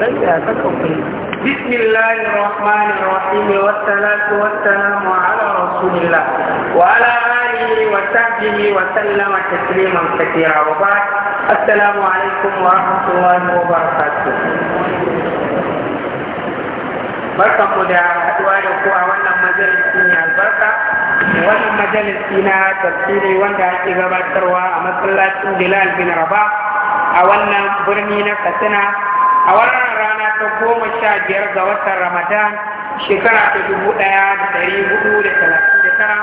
بسم الله الرحمن الرحيم والصلاة والسلام على رسول الله وعلى آله وصحبه وسلم تسليما كثيرا وبعد السلام عليكم ورحمة الله وبركاته barkanku da haɗuwa da ku a wannan majalisi mai albarka wannan majalisi na tafsiri wanda ake gabatarwa a masallacin bilal a wannan birni na katsina a wannan rana ta goma sha biyar ga watan ramadan shekara ta dubu ɗaya da ɗari hudu da talatin da tara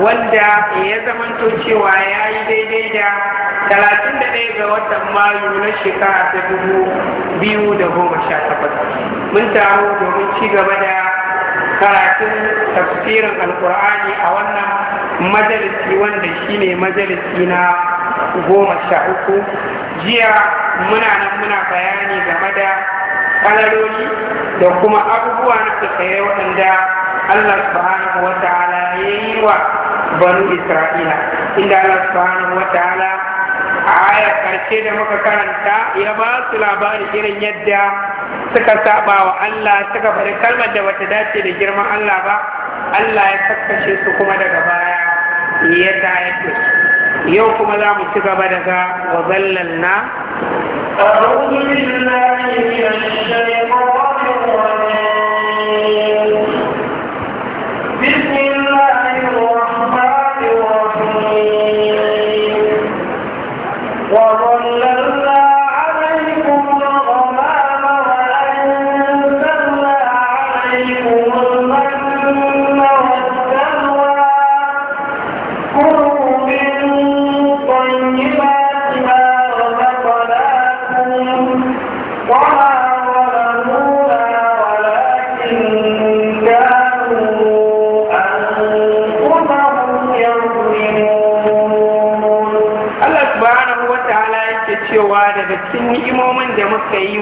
wanda ya to cewa ya yi daidai da talatin da ɗaya ga watan mayu na shekara ta dubu biyu da goma sha takwas mun taru domin ci gaba da karatun tafsirin alkur'ani a wannan majalisi wanda shine majalisi na goma sha uku jiya muna nan muna bayani game da kalaloli da kuma abubuwa na tsaye waɗanda Allah subhanahu wa ta'ala ya yi wa banu Isra'ila inda Allah subhanahu wa ta'ala a aya karshe da muka karanta ya ba su labarin irin yadda suka saba wa Allah suka bari kalmar da bata dace da girman Allah ba Allah ya kakkashe su kuma daga baya ya ta da su يوم كما لا مستقى بدك وذللنا أعوذ بالله الشيطان الرجيم بسم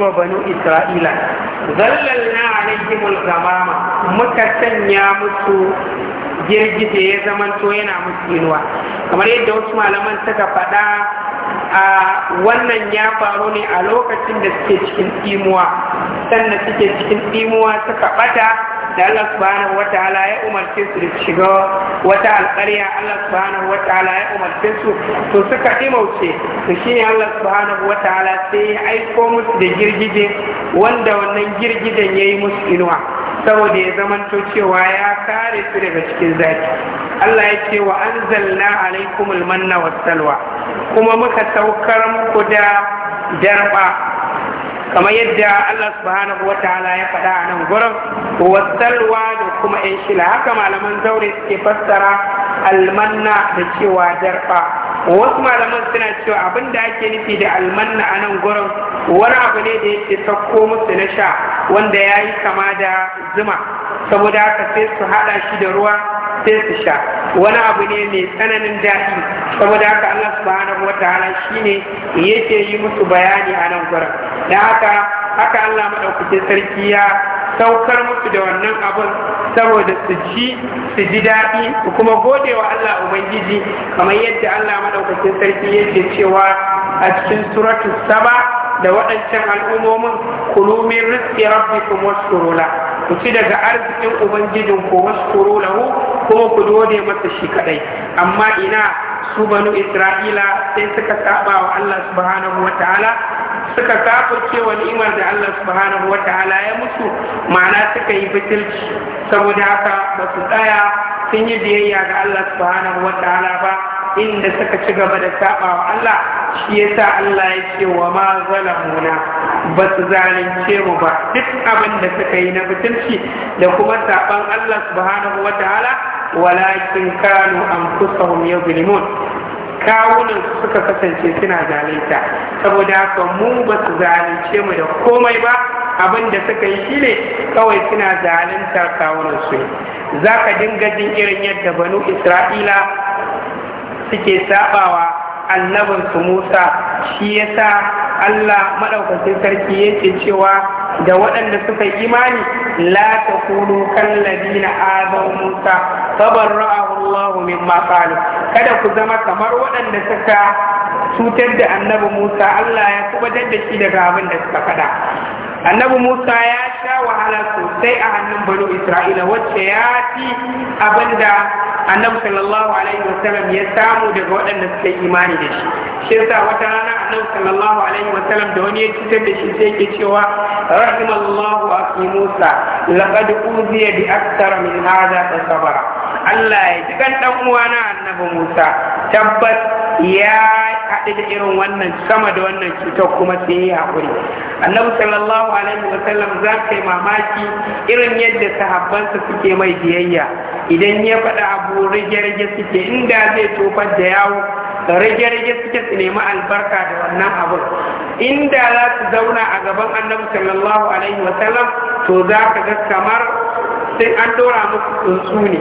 wa banu isra'ila zallalna alaihim al-ghamama muka sanya musu girgije ya zamanto yana musu inuwa kamar yadda wasu malaman suka faɗa a wannan ya faru ne a lokacin da suke cikin imuwa sannan suke cikin imuwa suka ɓata da Allah subhanahu wa ta'ala ya umarce su da shiga wata alƙarya Allah subhanahu wa ta'ala ya umarce su to suka imauce to shine Allah subhanahu wa ta'ala sai ya aiko musu da girgije wanda wannan girgijen ya yi musu inuwa saboda ya zamanto cewa ya kare su daga cikin zafi Allah ya ce wa anzalna alaikumul manna was salwa kuma muka saukar muku da darba kamar yadda Allah subhanahu wa ta'ala ya faɗa a nan gurin wasalwa da kuma yan shila haka malaman zaure suke fassara almanna da cewa jarfa. wasu malaman suna cewa abin da ake nufi da almanna a nan gurin wani abu ne da yake sakko musu na sha wanda ya yi kama da zuma saboda haka sai su haɗa shi da ruwa sai su sha wani abu ne mai tsananin daɗi saboda haka Allah subhanahu ta'ala shine yake yi musu bayani a nan gurin da haka haka Allah maɗaukacin sarki ya saukar musu da wannan abun saboda su ci su ji daɗi su kuma gode wa Allah ubangiji kamar yadda Allah maɗaukacin sarki yake cewa a cikin suratu saba da waɗancan al'ummomin kulu min rizqi rabbikum washkuru ku ci daga arzikin ubangijin ku washkuru lahu kuma ku gode masa shi kaɗai. amma ina su banu isra'ila sai suka saba wa Allah subhanahu ta'ala suka kafirce wa ni'imar da Allah subhanahu wa ta'ala ya mutu ma'ana suka yi fitilci saboda haka ba su tsaya sun yi biyayya ga Allah subhanahu wa ta'ala ba inda suka ci gaba da saba wa Allah shi yasa Allah ya ce wa ma zalamuna ba su zalunce mu ba duk abin da suka yi na bitilci da kuma saban Allah subhanahu wa ta'ala walakin kanu anfusahum yuzlimun kawunan suka kasance suna zalunta saboda haka mu ba su zalunce mu da komai ba abin da suka yi shi ne kawai suna zalunta kawunan su za ka dinga jin irin yadda banu isra'ila suke sabawa su musa shi yasa allah maɗaukacin sarki yake cewa da waɗanda suka yi imani la ta kulu kan na azau musa ra'a allahu mimma kada ku zama kamar waɗanda suka cutar da annabi Musa Allah ya kuma da shi daga abin da suka faɗa annabi Musa ya sha wahala sosai a hannun banu Isra'ila wacce ya fi abinda annabi sallallahu alaihi wasallam ya samu daga waɗanda suka yi imani da shi shi yasa wata rana annabi sallallahu alaihi wasallam da wani ya cutar da shi sai yake cewa rahimallahu akhi Musa laqad uziya bi akthara min hadha tasabara Allah ya ji kan dan uwana annabi Musa tabbas ya haɗu da irin wannan sama da wannan cutar kuma sai ya yi haƙuri annabi sallallahu alaihi wa sallam za ka yi mamaki irin yadda sahabbansa suke mai biyayya idan ya faɗa abu rage-rage suke inda zai tofar da yawo rage-rage suke su nemi albarka da wannan abu inda za su zauna a gaban annabi sallallahu alaihi wa sallam to za ka ga kamar sai an dora muku tsuntsu ne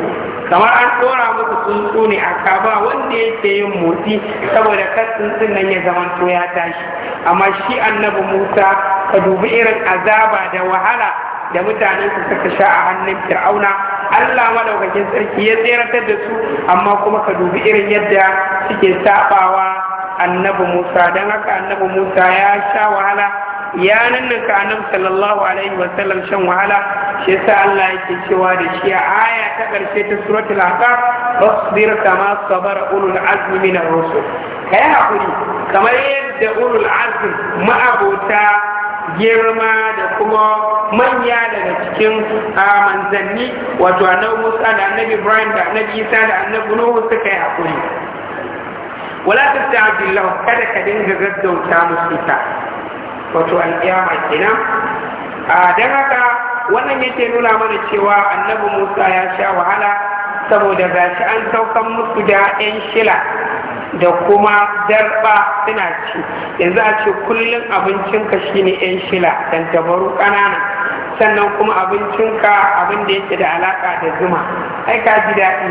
kamar an dora muku tsuntsu ne a kaba wanda yake yin motsi saboda kan tsuntsun nan ya zama to ya tashi amma shi annabi musa ka dubi irin azaba da wahala da mutanen su suka sha a hannun fir'auna Allah madaukakin sarki ya tseratar da su amma kuma ka dubi irin yadda suke sabawa annabi Musa dan haka annabi Musa ya sha wahala ya ka annabi sallallahu alaihi wa sallam shan wahala shi yasa Allah yake cewa da shi a aya ta karshe ta suratul ahqaf fasbir kama sabara ulul azmi min ar-rusul kai hakuri kamar yadda ulul azmi ma'abota girma da kuma manya daga cikin manzanni wato annabi Musa da annabi Ibrahim da annabi Isa da annabi Nuhu suka yi hakuri wala tatta'dillahu kada ka dinga gaggauta musu ita wato alƙiyama kenan a don haka wannan yake nuna mana cewa annabi musa ya sha wahala saboda ga shi an saukan musu da 'yan shila da kuma darba suna ci yanzu a ce kullum abincinka shine 'yan shila dan tabaru ƙanana sannan kuma abincinka abin da yake da alaka da zuma ai ka ji daɗi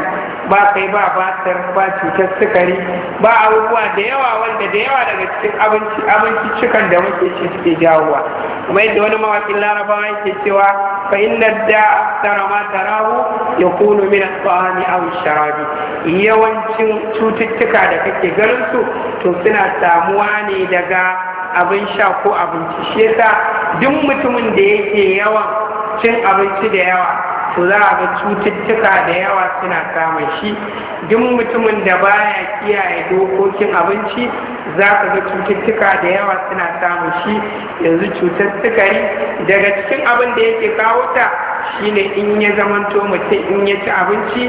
ba kai ba batar, ba cutar sukari ba abubuwa da yawa wanda da yawa daga cikin abinci abinci cikan da muke ci suke jawowa kuma yadda wani mawakin larabawa yake cewa fa inna da aktara ma tarahu yakunu min at-ta'ami aw sharabi yawancin cututtuka da kake ganin su to suna samuwa ne daga abin sha ko abinci shi yasa duk mutumin da yake yawan cin abinci da yawa to za a ga cututtuka da yawa suna kama shi duk mutumin da baya kiyaye dokokin abinci za ka ga cututtuka da yawa suna samun shi yanzu cutar sukari daga cikin abin da yake kawo ta shine in ya zamanto mutum in ya ci abinci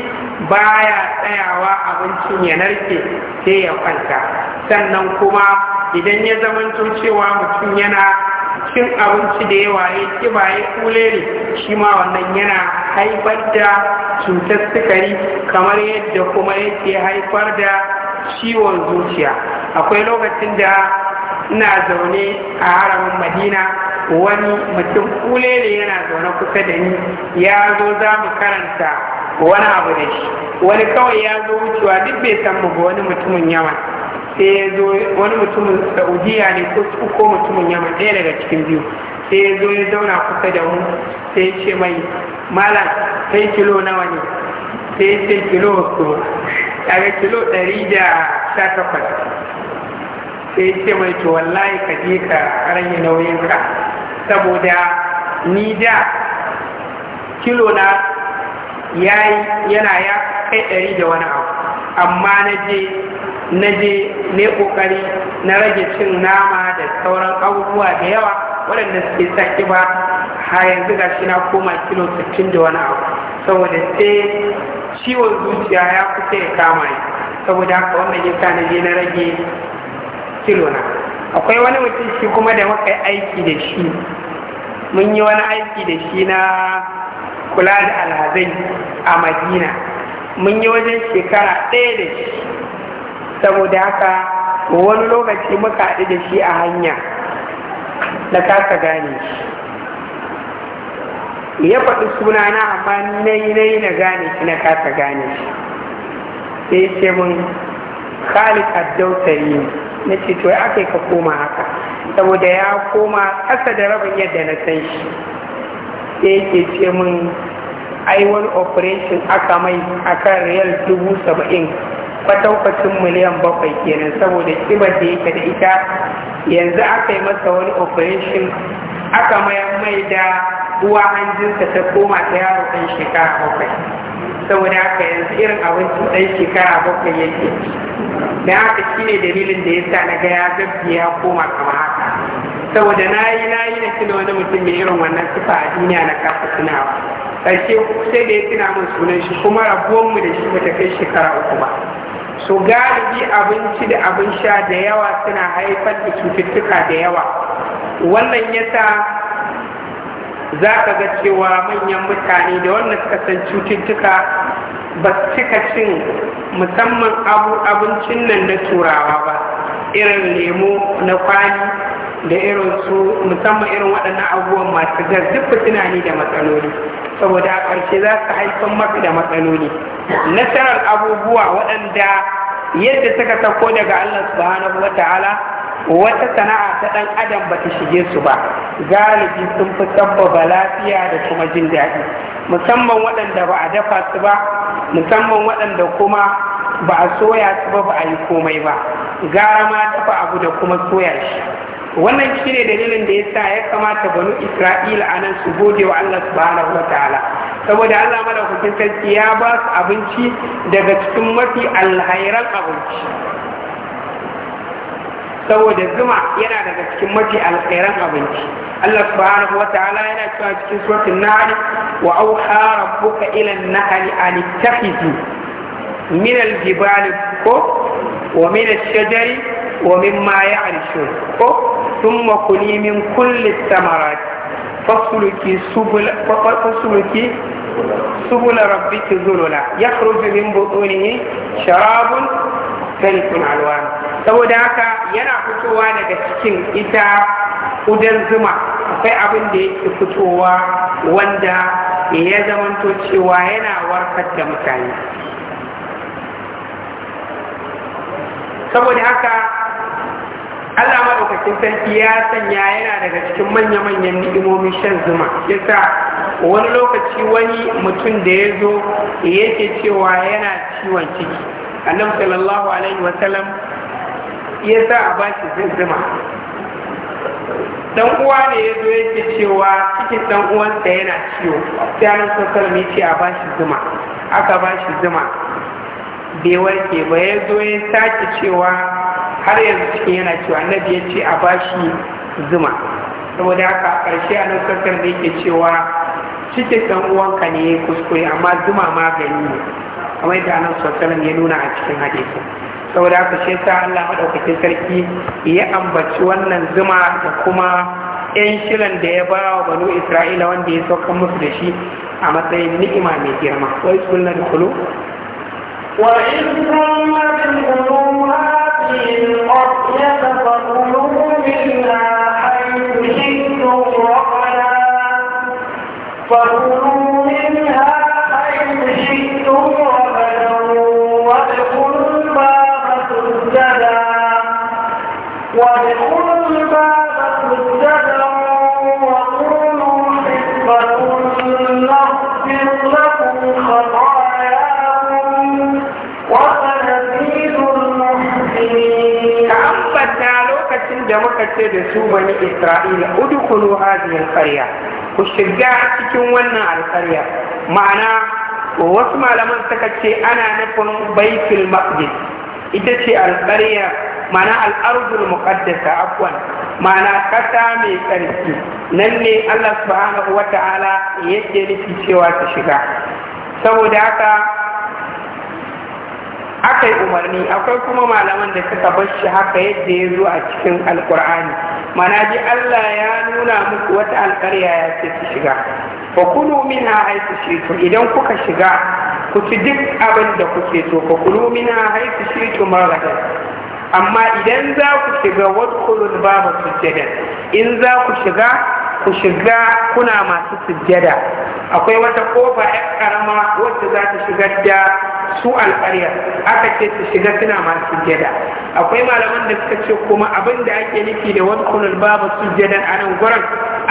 baya tsayawa abincin ya narke sai ya kwanta sannan kuma idan ya zama cewa mutum yana cin abinci da yawa ya ba ya kule ne shi ma wannan yana haifar da cutar sukari kamar yadda kuma yake haifar da ciwon zuciya akwai lokacin da ina zaune a haramin madina wani mutum kule ne yana zaune kusa da ni ya zo za mu karanta wani abu da shi wani kawai ya zo wucewa duk bai san mu ba wani mutumin yawan sai ya zo wani mutumin saudiya ne ko ko mutumin yamma ɗaya daga cikin biyu sai ya zo ya zauna kusa da mu sai ya ce mai malam sai kilo nawa ne sai ya ce kilo A daga kilo ɗari da sha takwas sai ya ce mai to wallahi ka je ka rage nauyinka saboda ni da kilo na ya yi yana ya kai ɗari da wani abu amma na je na je ne ƙoƙari na rage cin nama da sauran abubuwa da yawa waɗanda suke sa ƙiba har yanzu ga shi na koma kilo 60 da wani abu saboda sai ciwon zuciya ya kusa ya kama ni saboda haka wannan yasa na je na rage kilo na akwai wani mutum shi kuma da muka aiki da shi mun yi wani aiki da shi na kula da alhazai a madina mun yi wajen shekara ɗaya da shi saboda haka wani lokaci muka haɗu da shi a hanya na kasa gane shi ya faɗi suna na amma nai nai na gane shi na kasa gane shi sai ce mun khalid addautari na ce to ya aka yi ka koma haka saboda ya koma ƙasa da rabin yadda na san shi sai yake ce min aiwan operation aka mai akan riyal dubu saba'in kwatankwacin miliyan bakwai kenan saboda kibar da yake da ita yanzu aka yi masa wani operation aka mai da ruwa hanjinsa ta koma ta yaro ɗan shekara bakwai saboda aka yanzu irin abincin ɗan shekara bakwai yake da haka ne dalilin da ya sa na gaya ya gabbi ya koma kamar haka saboda na yi na yi na tuna wani mutum mai irin wannan sifa a duniya na kafa tunawa ƙarshe sai da ya tuna min sunan shi kuma rabuwanmu da shi bata kai shekara uku ba so galibi abinci da abin sha da yawa suna haifar da cututtuka da yawa wannan yasa za ka ga cewa manyan mutane da wannan suka san cututtuka ba su cika cin musamman abincin nan na turawa ba irin lemo na kwani da irin su musamman irin waɗannan abubuwan masu gas duk suna ni da matsaloli saboda a ƙarshe za su haifar maka da matsaloli nasarar abubuwa waɗanda yadda suka sauko daga Allah subhanahu wa ta'ala wata sana'a ta ɗan adam bata shige su ba galibi sun fi sabbaba lafiya da kuma jin daɗi musamman waɗanda ba a dafa su ba musamman waɗanda kuma ba a soya su ba ba a yi komai ba gara ma dafa abu da kuma soya shi wannan shi ne dalilin da ya sa ya kamata banu isra'ila anan su gode wa Allah subhanahu wataala saboda Allah madaukakin sarki ya ba su abinci daga cikin mafi alhairan abinci saboda zuma yana daga cikin mafi alkhairan abinci Allah subhanahu wataala yana cewa cikin suratul nahl wa auha rabbuka ila an-nahl an ittakhidhu min al-jibali ko wa min ash-shajari ومما يعرشون ثم كلي من كل الثمرات فاسلكي سبل فاسلكي سبل ربك ذللا يخرج من بطونه شراب مختلف الوان saboda haka yana fitowa daga cikin ita udan zuma akwai abin da yake fitowa wanda ya zamanto cewa yana warkar da mutane saboda haka Allah madaukakin sarki ya sanya yana daga cikin manya-manyan ni'imomi shan zuma yasa wani lokaci wani mutum da ya zo yake cewa yana ciwon ciki annabi sallallahu alaihi wasallam ya sa a bashi zuma dan uwa ne ya zo yake cewa cikin dan uwansa yana ciwo sai annabi sallallahu alaihi wasallam ya ce a bashi zuma aka bashi zuma bai warke ba ya zo ya sake cewa har yanzu cikin yana cewa annabi ya ce a bashi zuma saboda haka a ƙarshe a nan da yake cewa cikin ɗan uwanka ne ya kuskure amma zuma magani ne kamar yadda anan sosai ya nuna a cikin hadisi saboda haka shi yasa Allah madaukakin sarki ya ambaci wannan zuma da kuma ‘yan shirin da ya ba wa banu Isra'ila wanda ya saukan musu da shi a matsayin ni'ima mai girma, wai sunan kulu وإذ قلنا بالقلوب ce da su bani isra'ila udkhulu hadhihi alqarya ku shiga cikin wannan alqarya ma'ana wasu malaman suka ce ana nufin baitul maqdis ita ce alqarya ma'ana al'ardul muqaddasa afwan ma'ana kasa mai tsarki nan ne Allah subhanahu wata'ala yake nufi cewa ta shiga saboda haka aka yi umarni akwai kuma malaman da suka bar shi haka yadda ya zo a cikin alkur'ani mana ji Allah ya nuna muku wata alƙarya ya ce ku shiga fa kulu minha haythu shi'tum idan kuka shiga ku ci duk abin da kuke so fa kulu minha haythu shi'tum ragadan amma idan za ku shiga wadkhulul baba sujjadan in za ku shiga ku shiga kuna masu sujjada akwai wata kofa ya karama wacce za ta shiga da su alƙarya aka ce su shiga suna masu jada akwai malaman da suka ce kuma abin da ake nufi da wani kunan babu su jada a nan gurin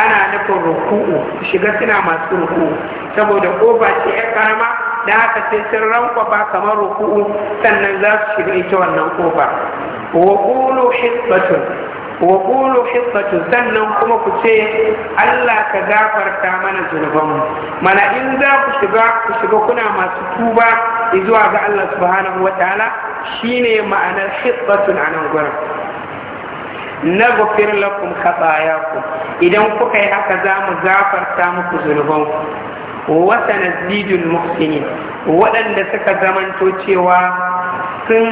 ana nufin ruku'u shiga suna masu ruku'u saboda kofa ce ya karama da haka ce sun ba kamar ruku'u sannan za su shiga ita wannan kofa wa qulu hisbatun wa qulu sannan kuma ku ce Allah ka gafarta mana zunubanmu mana in za ku shiga ku shiga kuna masu tuba zuwa ga Allah subhanahu wataala shine ma'anar hibbatun anan gurin na gafir lakum khatayakum idan kuka yi haka za mu gafarta muku zunubanku wata nazidul muhsinin waɗanda suka zamanto cewa sun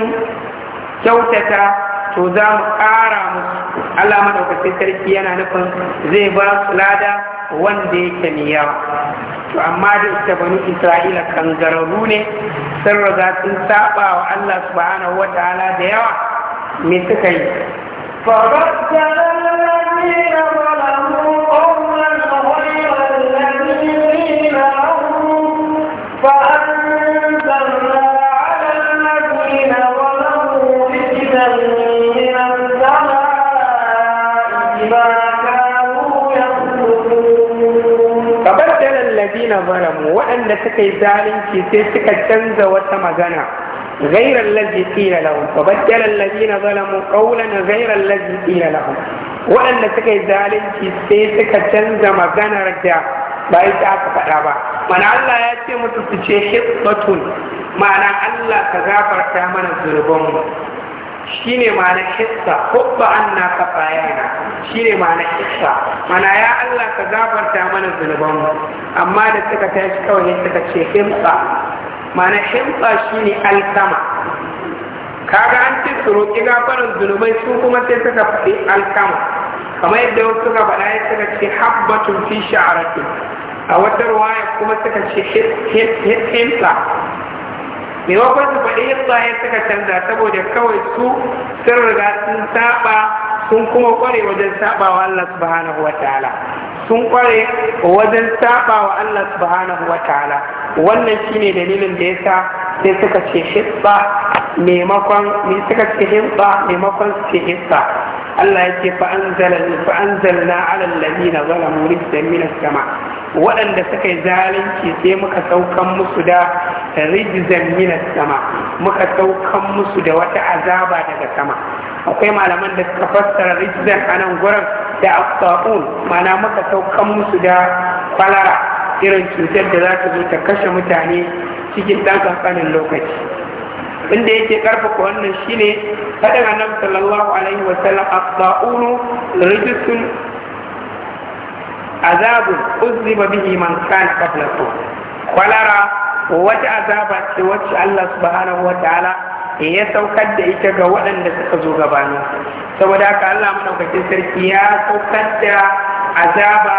kyautata to za mu ƙara musu Allah madaukakin sarki yana nufin zai ba lada wanda yake mai yawa to amma da ita banu Isra'ila kangararru ne sun riga sun saba wa Allah subhanahu wataala da yawa me suka yi da فبدل الذين ظلموا قوما غير الذي قيل لهم waɗanda suka yi zalunci sai suka canza wata magana ghairar lalji ƙina lahu ba bakkiyar lalji na zalamu ƙaula na ghairar lalji ƙina lahu waɗanda suka yi zalunci sai suka canza maganar da ba ita aka faɗa ba mana Allah ya ce mutu su ce hikmatun ma'ana Allah ka gafarta mana zurbin mu shi ne ma'ana hissa na kafa kafayana shi ne ma'ana kista mana ya Allah ka gafarta mana zunubanmu amma da suka tashi kawai suka ce himsa ma'ana himsa shi ne alkama kaga an ce su roƙi gafarin zunubai su kuma sai suka faɗi alkama kamar yadda wasu suka faɗa ya suka ce habbatun fi sha'aratu a wata ruwaya kuma suka ce himsa maimakon su faɗi hitsaye suka canza saboda kawai su sun riga sun saba sun kuma kware wajen saba wa Allah subhanahu wa ta'ala sun kware wajen saba wa Allah subhanahu wa ta'ala wannan shine dalilin da yasa sai suka ce hitsa maimakon suka ce hitsa maimakon su ce hitsa Allah ya ce fa'anzalna alal zala murid da minas sama waɗanda suka yi zalunci sai muka saukan musu da rijizan minas sama muka saukan musu da wata azaba daga sama akwai malaman da suka fassara rijizan a nan gurin da afsa'un mana muka saukan musu da kwalara irin cutar da za ta zo ta kashe mutane cikin ɗan ƙanƙanin lokaci inda yake ƙarfafa wannan shine kada ga annabi sallallahu alaihi wa sallam as-sa'unu rijsun azabun uzziba bihi man kana qablakum kwalara wata azaba ce wacce Allah subhanahu wa ta'ala ya saukar da ita ga waɗanda suka zo gabani saboda haka Allah madaukakin sarki ya saukar da azaba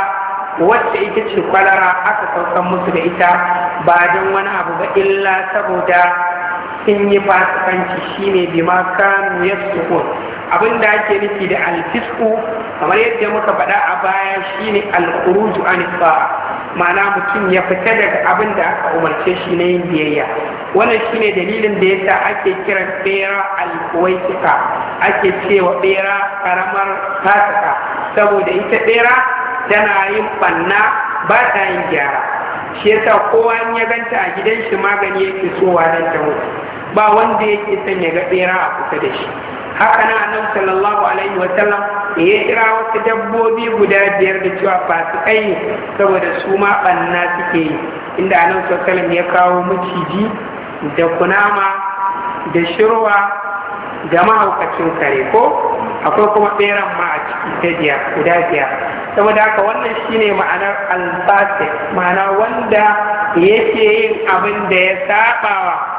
wacce ita ce kwalara aka saukar musu da ita ba don wani abu ba illa saboda sun yi fasikanci shine ma kanu yasukun abin da ake nufi da alfisku kamar yadda muka faɗa a baya shine alkhuruju an ma'ana mutum ya fita daga abin da aka umarce shi na yin biyayya wannan shine dalilin da yasa ake kiran bera alkuwaitika ake cewa bera karamar fasika saboda ita bera tana yin banna ba ta yin gyara shi yasa kowa in ya ganta a gidan shi magani yake sowa nan ta mutu ba wanda yake son ya ga bera a kusa da shi haka na annabi sallallahu alaihi wa sallam ya kira wasu dabbobi guda biyar da cewa fasikai ne saboda su ma banna suke yi inda annabi sallallahu alaihi ya kawo maciji da kunama da shirwa da mahaukacin kare ko akwai kuma beran ma a ciki ta guda biyar saboda haka wannan shine ma'anar alfasik ma'ana wanda yake yin abin da ya sabawa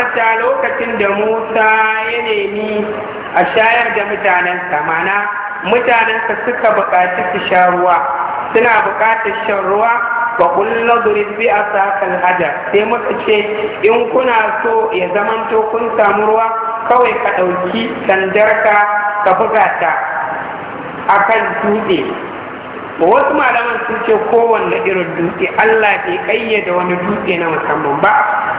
manta lokacin da Musa ya nemi a shayar da mutanensa mana mutanensa suka buƙaci su sha ruwa suna buƙatar shan ruwa ba kullu durib bi asakal hajar sai muka ce in kuna so ya zamanto kun samu ruwa kawai ka ɗauki sandarka ka buga ta akan dutse wasu malaman sun ce kowanne irin dutse Allah bai ƙayyada wani dutse na musamman ba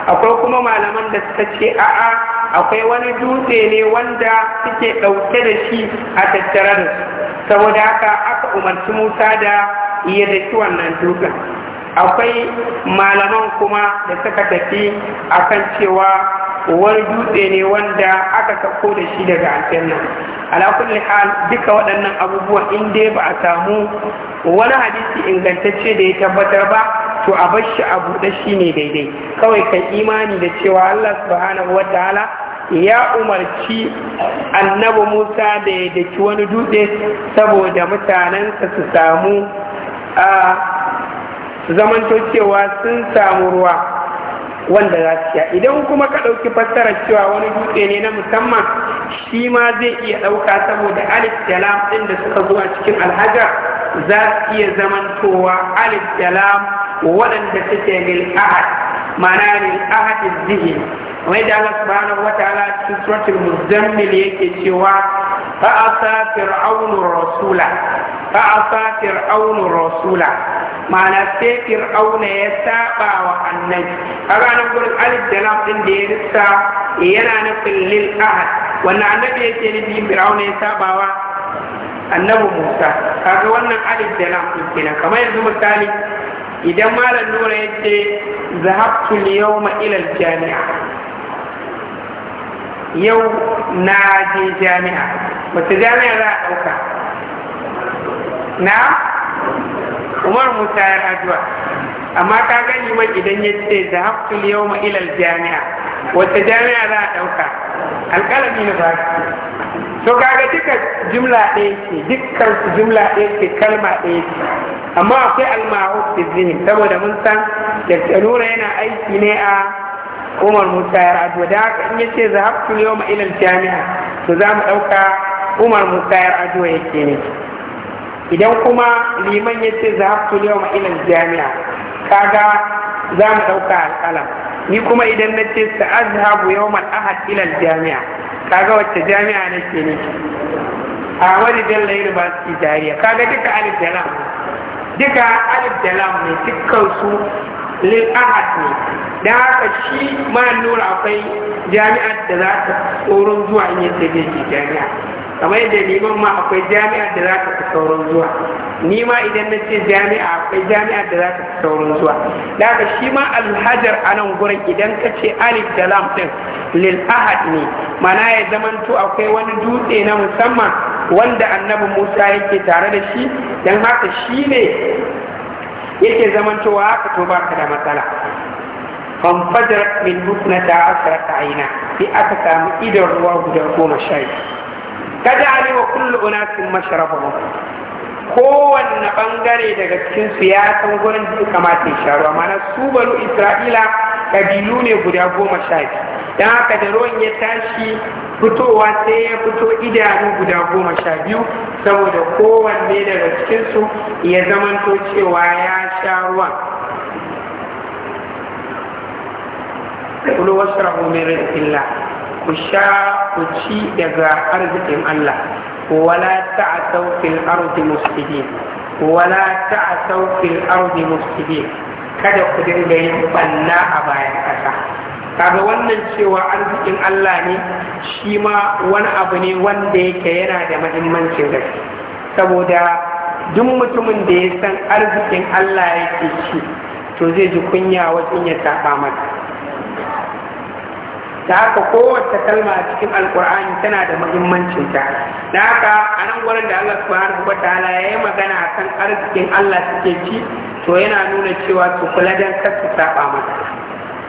akwai kuma malaman da suka ce a'a akwai wani dutse ne wanda suke ɗauke da shi a tattara da su saboda haka aka umarci Musa da iya da shi wannan dutsen akwai malaman kuma da suka tafi a kan cewa wani dutse ne wanda aka sako da shi daga aljanna ala hal duka waɗannan abubuwan in dai ba a samu wani hadisi ingantacce da ya tabbatar ba to a bar shi a buɗe shi ne daidai kawai kan imani da cewa Allah subhanahu ta'ala ya umarci annabi Musa da ya daki wani dutse saboda mutanensa su samu ah, zamanto cewa sun samu ruwa wanda za su sha idan kuma ka ɗauki fassara cewa wani dutse ne na musamman shi ma zai iya ɗauka saboda alif da ɗin da suka zo a cikin alhajar za su iya zamantowa alif da waɗanda suke lil ahad ma'ana lil ahad zihin wai da Allah subhanahu wataala cikin suratul muzammil yake cewa fa asa fir'aunu rasula fa asa fir'aunu rasula ma'ana sai fir'auna ya saba wa annabi kaga nan gurin alif da lam din da ya rissa yana na lil ahad wannan annabi yake nufi fir'auna ya saba wa annabi Musa kaga wannan alif da lam din kenan kamar yanzu misali idan malam nura ya ce zahabtu liyawma ila jami'a yau na je jami'a wata jami'a za a ɗauka na umar musa ya addu'a amma ka gani man idan ya ce da haftul ma ilal jami'a wata jami'a za a ɗauka alƙalami na ba to kaga duka jumla ɗaya ce dukkan jumla ɗaya ce kalma ɗaya ce amma akwai almahuf fi zihin saboda mun san da tsanura yana aiki ne a umar musa ya addu'a da haka in ya ce za haftul ma ilal jami'a to za mu ɗauka umar musa ya addu'a yake ne idan kuma liman ya ce za ku ma ilan jami'a kaga za mu ɗauka alƙalam ni kuma idan na ce sa Habu yau ahad ilan jami'a kaga wacce jami'a na ke ne a wani dalla su jariya kaga duka alif da lam duka alif da lam ne dukkan su lil ahad ne da haka shi ma nura akwai jami'ar da za ta tsoron zuwa in yace zai jami'a kamar yadda liman ma akwai jami'ar da za ka fi sauran zuwa ni ma idan na ce jami'a akwai jami'ar da za ka fi sauran zuwa daga shi ma alhajar a nan gurin idan ka ce alif da lam din lil ahad ne mana ya zamanto akwai wani dutse na musamman wanda annabi musa yake tare da shi don haka shi ne yake zamantowa haka to baka da matsala fanfajarat min husnata asrata aina sai aka samu idon ruwa guda goma sha kada ali wa kullu unasin mashrabahu kowanne bangare daga cikin su ya san gurin da kamata ya sharwa mana su balu isra'ila kabilu ne guda goma sha biyu dan haka da ruwan ya tashi fitowa sai ya fito idanu guda goma sha biyu saboda kowanne daga cikinsu ya zamanto cewa ya sha ruwan kulo wasu rahomin ku sha ku ci daga arzikin Allah wala a fil arzikin mufsidin wala a fil arzikin mufsidin kada ku dinga yin banna a bayan kasa kaga wannan cewa arzikin Allah ne shi ma wani abu ne wanda yake yana da muhimmancin gaske saboda duk mutumin da ya san arzikin Allah yake ci to zai ji kunya wajen ya saba mata da haka kowace kalma a cikin alkur'ani tana da muhimmancin ta da haka a nan gurin da Allah subhanahu wa ta'ala ya yi magana a kan arzikin Allah suke ci to yana nuna cewa su kula don kar su saba masa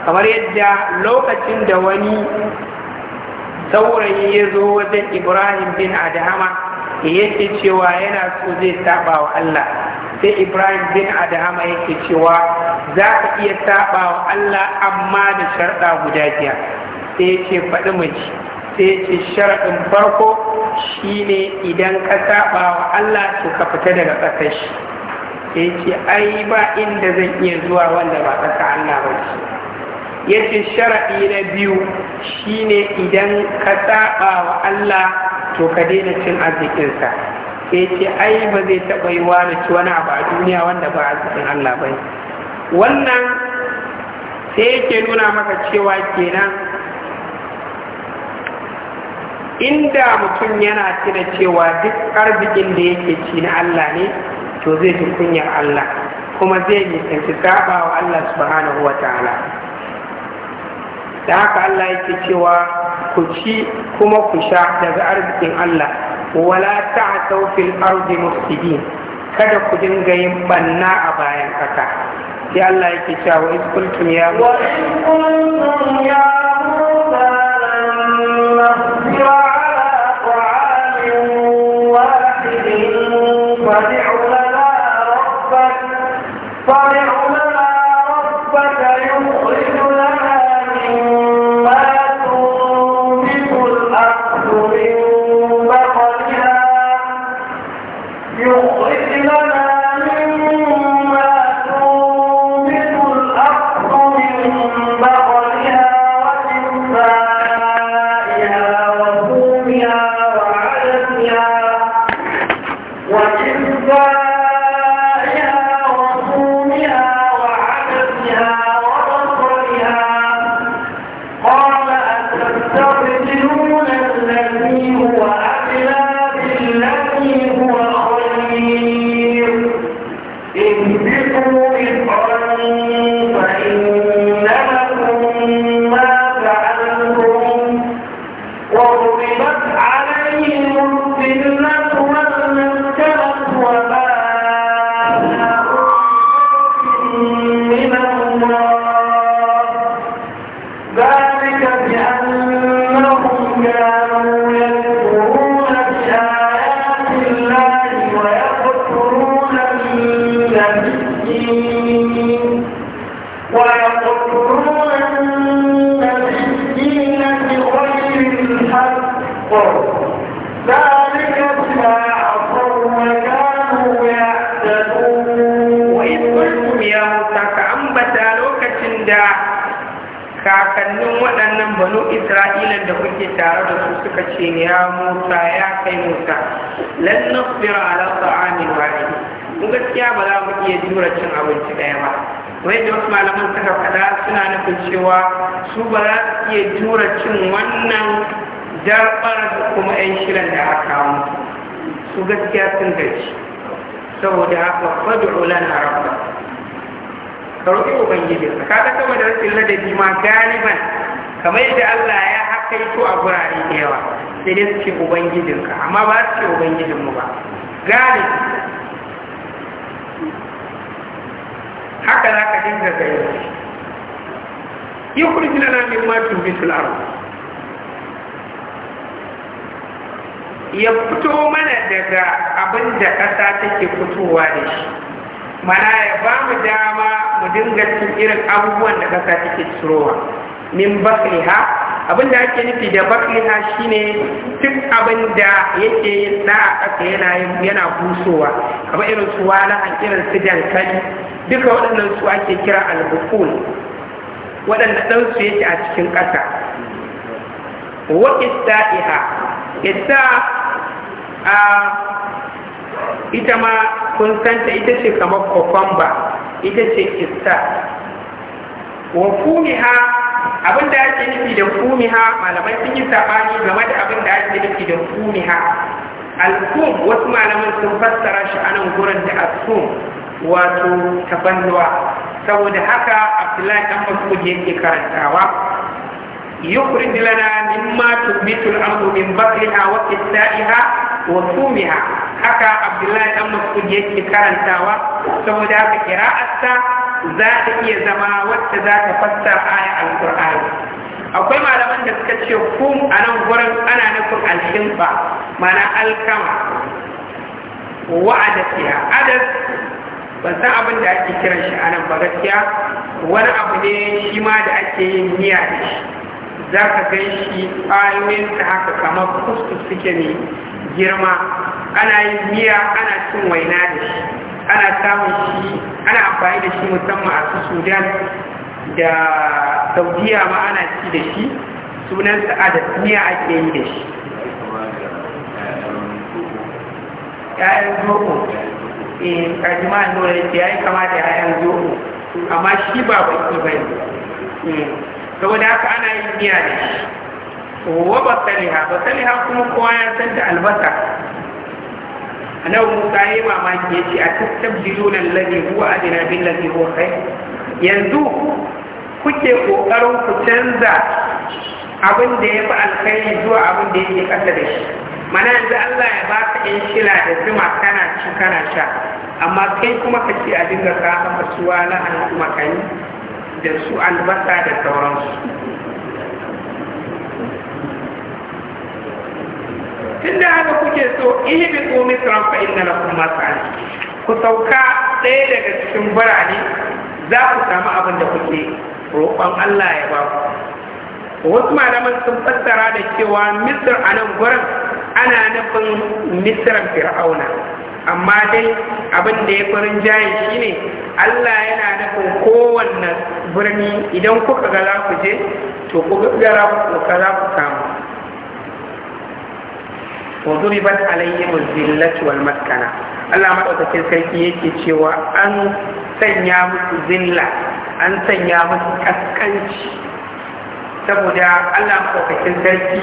kamar yadda lokacin da wani saurayi ya zo wajen Ibrahim bin Adahama yake cewa yana so zai saba wa Allah sai Ibrahim bin Adahama yake cewa za ka iya saba wa Allah amma da sharɗa guda biyar sai ya ce faɗi mace sai ya ce sharaɗin farko shine idan ka saba wa Allah to ka fita daga ƙasar shi sai ya ce ai ba inda zan iya zuwa wanda ba ƙasa Allah ba ce ya ce sharaɗi na biyu shine idan ka saba wa Allah to ka daina cin arzikinsa sai ce ai ba zai taɓa yi wa da ci wani abu a duniya wanda ba arzikin Allah ba wannan sai yake nuna maka cewa kenan inda mutum yana tuna cewa duk arzikin da yake ci na Allah ne to zai ji kunyar Allah kuma zai nisanci saba wa Allah subhanahu wa ta'ala da haka Allah yake cewa ku ci kuma ku sha daga arzikin Allah wala ta'tau fil ardi mufsidin kada ku dinga yin banna a bayan kasa sai Allah yake cewa wa iskultum ya musa cin wannan darbar da kuma 'yan shirin da aka kawo su gaskiya sun gaji saboda haka kwadu ulan harafa ka roƙi ubangiji ka kada kama da rashin ladabi ma galiban kamar yadda Allah ya haka yi a gurare da yawa sai dai su ce ubangijinka amma ba su ce ubangijinmu ba galibi haka za ka dinga gani يخرج لنا مما تنبت الأرض ya fito mana daga abin da ƙasa take fitowa da shi mana ya ba mu dama mu dinga cin irin abubuwan da ƙasa take tsirowa min bakliha abin da ake nufi da bakliha shine duk abin da yake yin da a ƙasa yana yana busowa kamar irin su walahan irin su dankali duka waɗannan su ake kira albukul waɗanda ɗansu yake a cikin ƙasa wa iha ita a ita ma kun santa ita ce kamar kokwamba ita ce ista wa ha abin da ake nufi da ha malamai sun yi sabani game da abin da ake nufi da ha alkum wasu malaman sun fassara shi a nan gurin da alkum watu tabannuwa saboda haka abdullahi dan ba mas'ud ke karantawa lana mimma tubitu al-ardu min الأرض wa qitaiha wa sumiha haka abdullahi dan ba mas'ud ke karantawa saboda haka kira'arsa za ta iya zama wacce za ta fassara aya al-qur'an akwai malaman da suka ce kum a nan gurin ana nufin alhimba mana alkama wa adasiya adas ban san abin da ake kiran shi a nan ba gaskiya wani abu ne shi ma da ake yin miya da shi za ka gan shi ƙwayoyin ta haka kamar kuskus suke ne girma ana yin miya ana cin waina da shi ana samun shi ana amfani da shi musamman a su sudan da saudiya ma ana ci da shi sunan sa'ada miya ake yi da shi 'ya'yan zoko Eh, kajima nura ya ce ya yi kama da yayan zobo amma shi ba baki ba ne eh, saboda haka ana yin miya da shi wa basaliha basaliha kuma kowa ya san da albasa A annabi Musa ya yi mamaki ya ce a tattabdiluna allazi huwa adna billazi huwa khair yanzu kuke ƙoƙarin ku canza abin da ya fi alkhairi zuwa abin da yake kasa da shi mana yanzu Allah ya ba ka in shila da zuma kana ci kana sha amma kai kuma ka ce a dinga ka haka su wala ka yi da su albasa da sauransu tun da haka kuke so ihe bi ko misran na inna lakum masal ku sauka ɗaya daga cikin birane za ku samu abin da kuke roƙon Allah ya ba ku wasu malaman sun fassara da cewa misir a nan gurin ana nufin misiran fir'auna amma dai abin da ya farin jayi shi ne allah yana nufin kowanne birni idan kuka ga za ku je to kuka ga za ku samu mu عليهم wal maskana allah ما Sarki yake cewa an sanya musu zilla an sanya musu kaskanci saboda Allah maɗaukakin sarki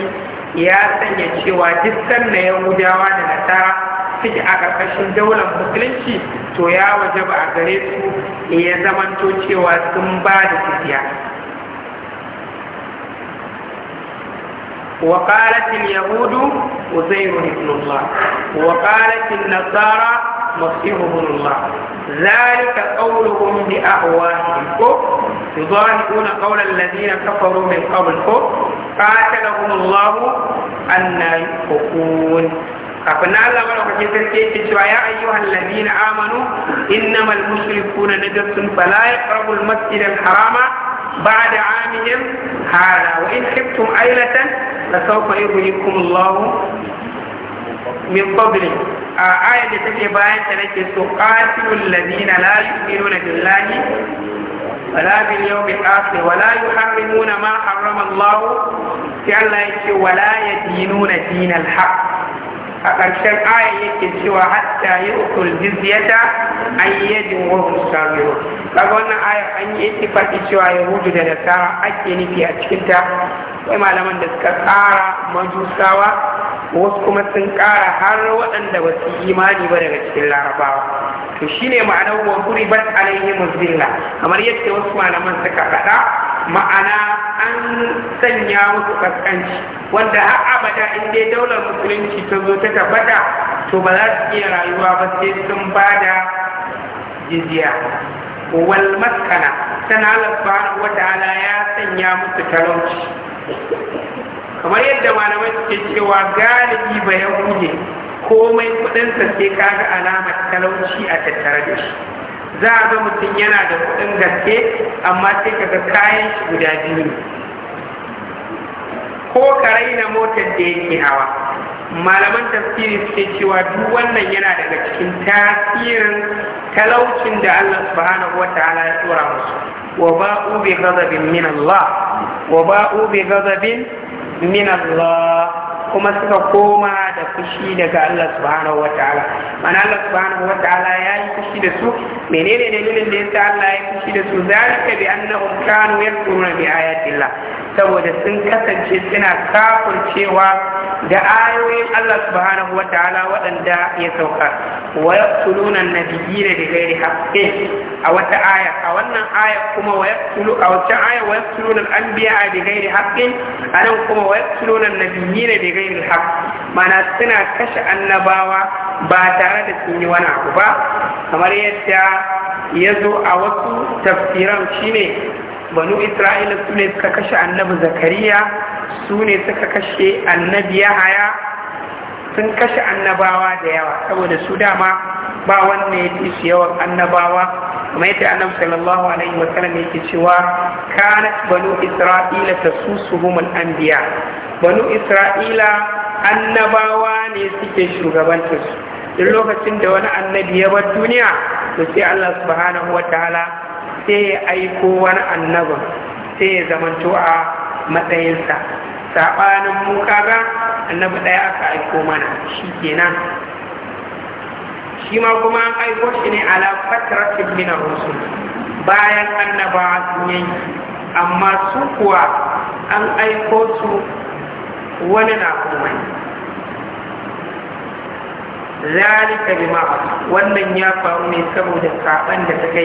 ya sanya cewa duk ya yahudawa da nasara suke a ƙarƙashin daular musulunci to ya waje ba a gare su ya zamanto cewa sun ba da tafiya وقالت اليهود وزير ابن الله وقالت النصارى مسيح ابن الله ذلك قولهم بأهوائهم يضاهئون قول الذين كفروا من قبل قاتلهم الله أن يؤفكون kafin na Allah madaukakin sarki yake cewa ya ayyuhan ladina amanu innamal mushrikuna najasun fala yaqrabu al-masjid al-harama ba'da amihim hada wa in khiftum ailatan la sawfa yughnikum Allah min fadli a ayat da take bayan ta nake so qatilul ladina la ولا باليوم الآخر ولا يحرمون ما حرم الله تعالى ولا يدينون دين الحق a ƙarshen aya yake cewa hatta yi ukul jizyata an yadin wahun sabiru kaga wannan aya an yi cewa da nasara ake nufi a cikinta Akwai malaman da suka tsara majusawa wasu kuma sun ƙara har waɗanda ba su imani ba daga cikin larabawa to shine ma'anar wa ban alaihi muzilla kamar yadda wasu malaman suka faɗa ma'ana an sanya musu kaskanci wanda har abada in dai daular musulunci ta zo ta tabbata to ba za su iya rayuwa ba sai sun ba da jizya wal maskana sana wata ala ya sanya musu talauci kamar yadda malamai suke cewa galibi ba ya komai kudinsa sai kaga alamar talauci a tattare da shi za a ga mutum yana da kuɗin gaske amma sai kaga kayan shi guda biyu ko ka raina motar da yake hawa malaman tafsiri suke cewa duk wannan yana daga cikin tasirin talaucin da Allah subhanahu wa ta'ala ya tura musu wa ba'u bi ghadabin min Allah wa ba'u bi gazabin min Allah kuma suka koma da fushi daga Allah subhanahu wataala mana Allah subhanahu wataala ya yi fushi da su menene ne dalilin da yasa Allah ya yi fushi da su zalika bi annahum kanu yakfuruna bi ayatillah saboda sun kasance suna kafurcewa da ayoyin Allah subhanahu wa ta'ala waɗanda ya sauka wa yaqtuluna an-nabiyina bi ghairi haqqin a wata aya a wannan aya kuma wa yaqtulu a wata aya wa yaqtuluna al-anbiya bi ghairi A nan kuma wa yaqtuluna an-nabiyina bi ghairi haqq mana suna kashe annabawa ba tare da sun yi wani abu ba kamar yadda ya zo a wasu tafsiran shine banu isra'ila su ne suka kashe annabi zakariya su ne suka kashe annabi yahaya sun kashe annabawa da yawa saboda su dama ba wanne ya fi su yawan annabawa kuma yadda annabi sallallahu alaihi wa sallam yake cewa kanat banu isra'ila tasusuhum al-anbiya banu isra'ila annabawa ne suke shugabantar su duk lokacin da wani annabi ya bar duniya to sai Allah subhanahu wa ta'ala sai ya aiko wani annabin sai ya zamanto a matsayinsa saɓanin mu kaga annabi ɗaya aka aiko mana shi kenan shi ma kuma an aiko shi ne ala fatratin min rusul bayan annaba sun yi amma su kuwa an aiko su wani na kuma zalika bima wannan ya faru ne saboda saban da suka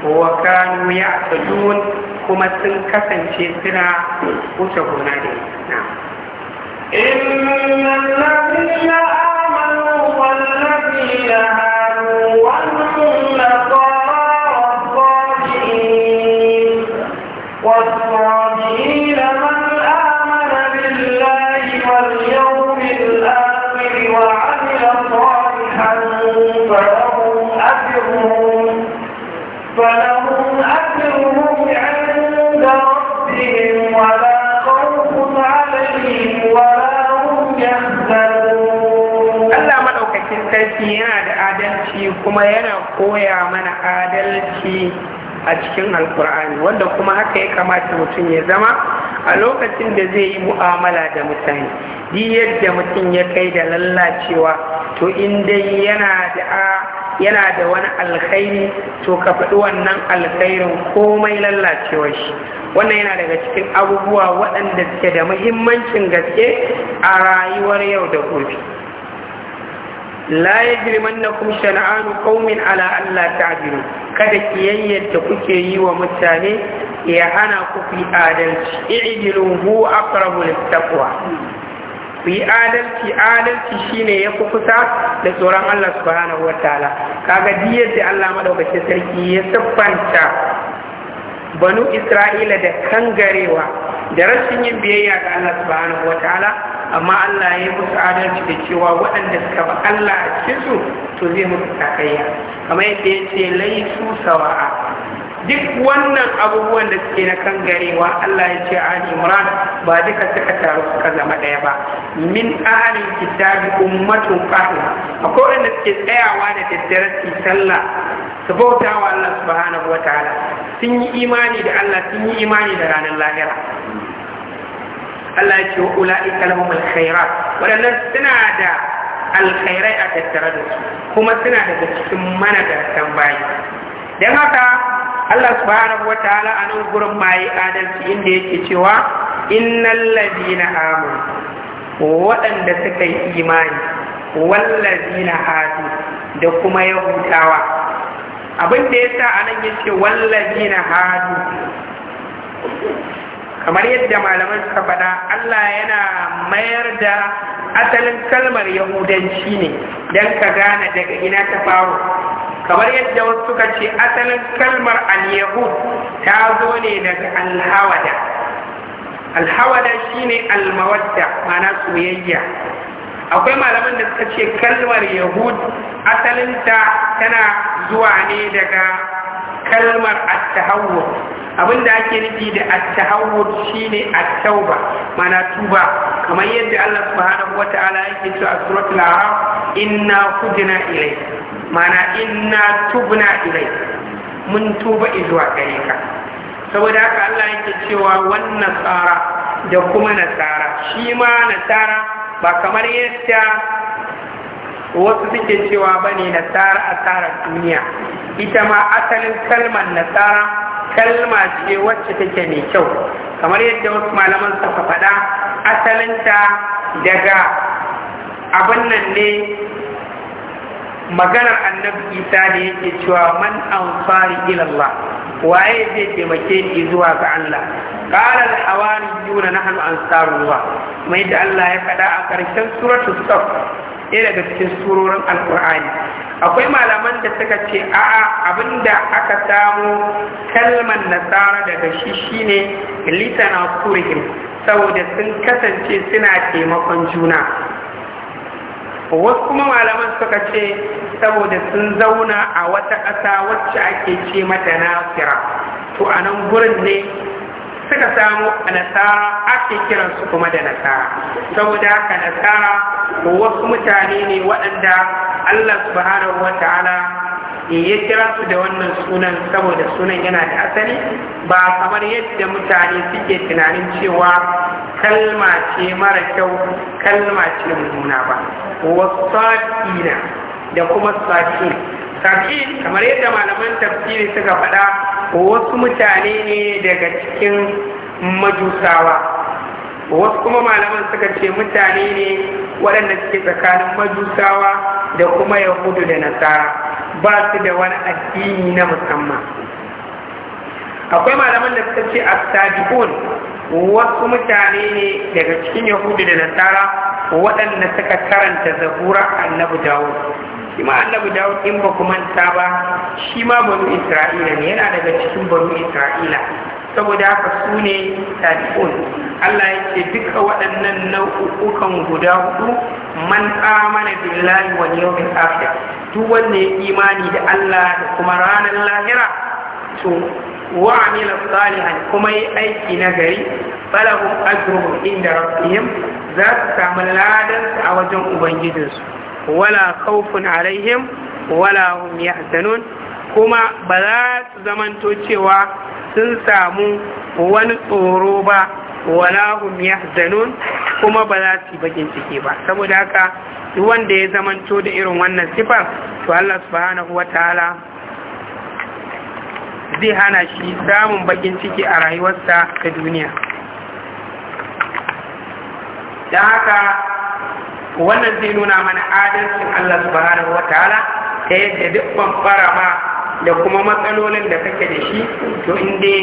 kowa wa kanu ya tajun kuma sun kasance suna wuce gona da ita innal ladina kuma yana koya mana adalci a cikin alkur'ani wanda kuma haka ya kamata mutum ya zama a lokacin da zai yi mu'amala da mutane di yadda mutum ya kai da lallacewa to in dai yana da wani alkhairi to ka faɗi wannan alkhairin komai lallacewar shi wannan yana daga cikin abubuwa waɗanda suke da muhimmancin gaske a rayuwar yau da gobe la yajrimannakum shana'anu kaumin ala ta ta'dilu kada ki da kuke yi wa mutane ya hana ku fi adalci i'dilu hu aqrabu littaqwa ku yi adalci adalci shine ya kusa da tsoron Allah subhanahu wataala kaga diyar da Allah madaukakin sarki ya siffanta banu Isra'ila da kangarewa da rashin yin biyayya ga Allah subhanahu wataala amma Allah ya yi musu adalci da cewa waɗanda suka ba Allah a cikin su to zai musu takayya kamar yadda ya ce lai su sawa'a duk wannan abubuwan da suke na kan garewa Allah ya ce ali imran ba duka suka taru suka zama ɗaya ba min ahli kitabi ummatun qahira akwai wanda suke tsayawa da daddare su sallah su bauta wa Allah subhanahu wataala sun yi imani da Allah sun yi imani da ranar lahira Allah ya ce wa ula'ika lahum alkhairat waɗannan suna da alkhairai a tattare da su kuma suna daga cikin mana da bayi don haka Allah subhanahu wataala a nan gurin mayi adalci inda yake cewa innal ladina amanu waɗanda suka yi imani wallazina hadu da kuma yahudawa abin da yasa anan yace wallazina hadu kamar yadda malaman suka faɗa Allah yana mayar da asalin kalmar yahudanci ne don ka gane daga ina ta faru kamar yadda wasu suka ce asalin kalmar al-yahud ta zo ne daga alhawada alhawada shine almawadda mana soyayya akwai malaman da suka ce kalmar yahud asalinta tana zuwa ne daga kalmar Abin abinda ake nufi da attahawud shine attauba mana tuba kamar yadda Allah subhanahu wataala yake cewa a suratul a'raf inna kudna ilai mana inna tubna ilai mun tuba zuwa gare ka saboda haka Allah yake cewa wannan tsara da kuma nasara shi ma nasara ba kamar yadda wasu suke cewa ba ne nasara asarar duniya ita ma asalin kalmar nasara kalma ce wacce take mai kyau kamar yadda wasu malaman suka faɗa asalinta daga abin nan ne maganar annabi isa da yake cewa man fari ilallah waye zai taimake ni zuwa ga Allah qala al hawariyuna nahnu ansarullah mai da Allah ya faɗa a karshen suratu saf ɗaya daga cikin surorin alqur'ani akwai malaman da suka ce a'a abinda aka samu kalmar nasara daga shi shine litana kurihim saboda sun kasance suna taimakon juna wasu kuma malaman suka ce saboda sun zauna a wata ƙasa wacce ake ce mata nasira to a nan gurin ne suka samu a nasara ake kiransu kuma da nasara saboda haka nasara wasu mutane ne waɗanda allah subhanahu wa ta'ala ya kira su da wannan sunan saboda sunan yana da asali ba kamar yadda mutane suke tunanin cewa kalma ce mara kyau kalma ce mummuna ba wasu da kuma sakin sakin kamar yadda malaman tafsiri suka faɗa wasu mutane ne daga cikin majusawa wasu kuma malaman suka ce mutane ne waɗanda suke tsakanin majusawa da kuma yahudu da nasara ba su da wani addini na musamman akwai malaman da suka ce astabi'un wasu mutane ne daga cikin yahudu da nasara waɗanda suka karanta zabura annabi dawo? shi ma annabu dawo in ba manta ba shi ma banu isra'ila ne yana daga cikin banu isra'ila saboda haka su ne tabi'un Allah ya ce duka waɗannan nau'ukan guda hudu man amana billahi wa yawmin akhir duk wanda ya imani da Allah da kuma ranar lahira to wa amila salihan kuma yi aiki na gari falahu ajruhum inda rabbihim za su samu ladan a wajen ubangijinsu wala khawfun alaihim wala hum yahzanun kuma ba za su zamanto cewa sun samu wani tsoro ba wala hum yahzanun kuma ba za su yi bakin ciki ba saboda haka wanda ya zamanto da irin wannan sifar to Allah subhanahu wataala zai hana shi samun bakin ciki a rayuwarsa ta duniya da haka wannan zai nuna mana adalcin Allah subhanahu wataala ta yadda duk bambara ma da kuma matsalolin da kake da shi to inda